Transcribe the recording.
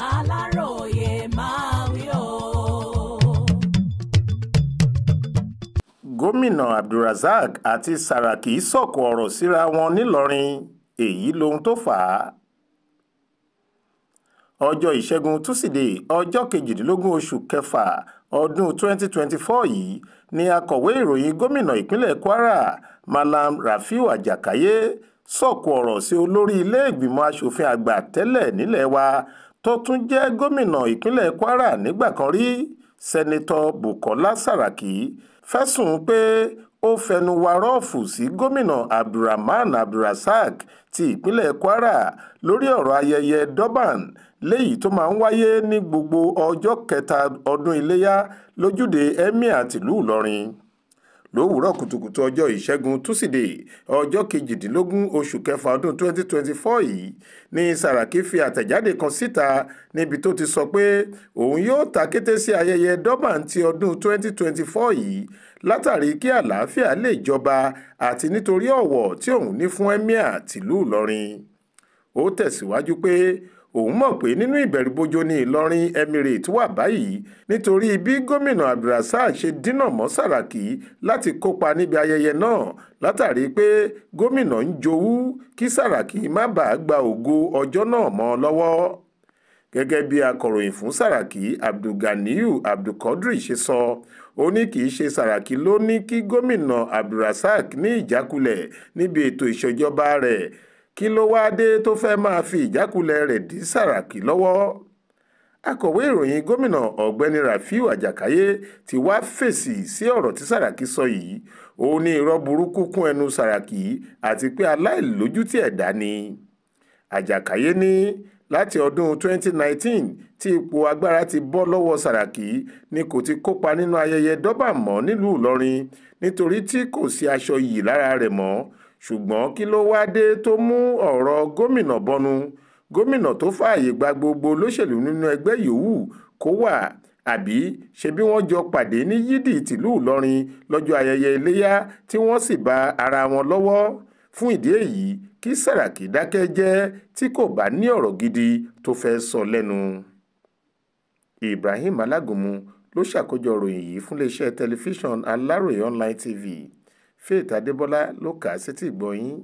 aláròye máa wí o. gómìnà abdulrasaq àti sàràkí sọ̀kò ọ̀rọ̀ síra wọn nílọrin èyí lohun tó fà á ọjọ́ ìṣẹ́gun túsídẹ̀ẹ́ ọjọ́ kejìdínlógún oṣù kẹfà ọdún 2024 yìí ni akọ̀wé ìròyìn gómìnà ìpínlẹ̀ kwara malam rafiu ajakaye sọ̀kò ọ̀rọ̀ sí olórí ilé ìgbìmọ̀ asòfin àgbà tẹ́lẹ̀ nílẹ̀ wa tó tún jẹ́ gómìnà ìpínlẹ̀ kwara nígbà kan rí sẹ́nitọ́ bukola saraki fẹ̀sùn pé ó fẹnu warọ́ọ̀fù sí gómìnà abdulrahman abdulrasaq ti ìpínlẹ̀ kwara lórí ọ̀rọ̀ ayẹyẹ durban léyìí tó máa ń wáyé ní gbogbo ọjọ́ kẹta ọdún iléyà lójúde emir tìlú ìlọrin lówùúrọ̀ kùtùkùtù ọjọ́ ìṣẹ́gun túsídẹ̀ẹ́ ọjọ́ kejìdínlógún oṣù kẹfà ọdún 2024 yìí ni Sàràkí fi àtẹ̀jáde kan síta níbi tó ti sọ pé òun yóò ta kété sí ayẹyẹ Durban ti ọdún 2024 yìí látàrí kí àlàáfíà lè jọba àti nítorí ọ̀wọ̀ tí òun ní fún Emir tìlú Ìlọrin ó tẹ̀síwájú pé òun mọ̀ pé nínú ìbẹ̀rùbojo ni Ìlọrin Emirate wà báyìí nítorí bí gómìnà Abdulrasaq ṣe dínà mọ́ Sàràkí láti kópa níbi ayẹyẹ náà látàrí pé gómìnà ń jowú kí Sàràkí má bàa gba ògo ọjọ́ náà mọ́ lọ́wọ́ gẹ́gẹ́ bí akọ̀ròyìn fún Sàràkí Abdulganiyu Abdulkadri ṣe sọ ó ní kì í ṣe Sàràkí ló ní kí gómìnà Abdulrasaq ní ìjákulẹ̀ níbi ètò ìṣèjọba rẹ̀ kí ló wáá dé tó fẹ́ẹ́ máa fi ìjákulẹ̀ rẹ̀ dí Sàràkí lọ́wọ́ akọ̀wé ìròyìn gómìnà ọ̀gbẹ́ni Rafiu ajakaye ti wá fèsì sí ọ̀rọ̀ tí Sàràkí sọ yìí ó ní irọ́ burúkú kún ẹnu Sàràkí àti pé aláìlójútì ẹ̀dá ni Àjàkáyé ní láti ọdún 2019 tí ipò agbára ti bọ́ lọ́wọ́ Sàràkí ni kò ti kópa nínú ayẹyẹ dọ́bà mọ́ nílùú Ìlọrin nítorí tí kò sí aṣọ yìí lára rẹ̀ mọ́ ṣùgbọ́n kí ló wáá dé tó mú ọ̀rọ̀ gómìnà bọnu gómìnà tó fààyè gba gbogbo olóṣèlú nínú ẹgbẹ́ yòówù kó wà àbí ṣe bí wọ́n jọ pàdé ní yídì tìlú ìlọrin lọ́jọ́ ayẹyẹ iléyà tí wọ́n sì bá ara wọn lọ́wọ́ fún ìdí èyí kí sàràkí dákẹ́ jẹ́ tí kò bá ní ọ̀rọ̀ gidi tó fẹ́ sọ lẹ́nu. ibrahim alágúnmu ló ṣàkójọ ròyìn yìí fún iléeṣẹ́ tẹlifíṣàn aláròye online tv Faith Adébọlá ló kà á sétíìgbọ́ yín.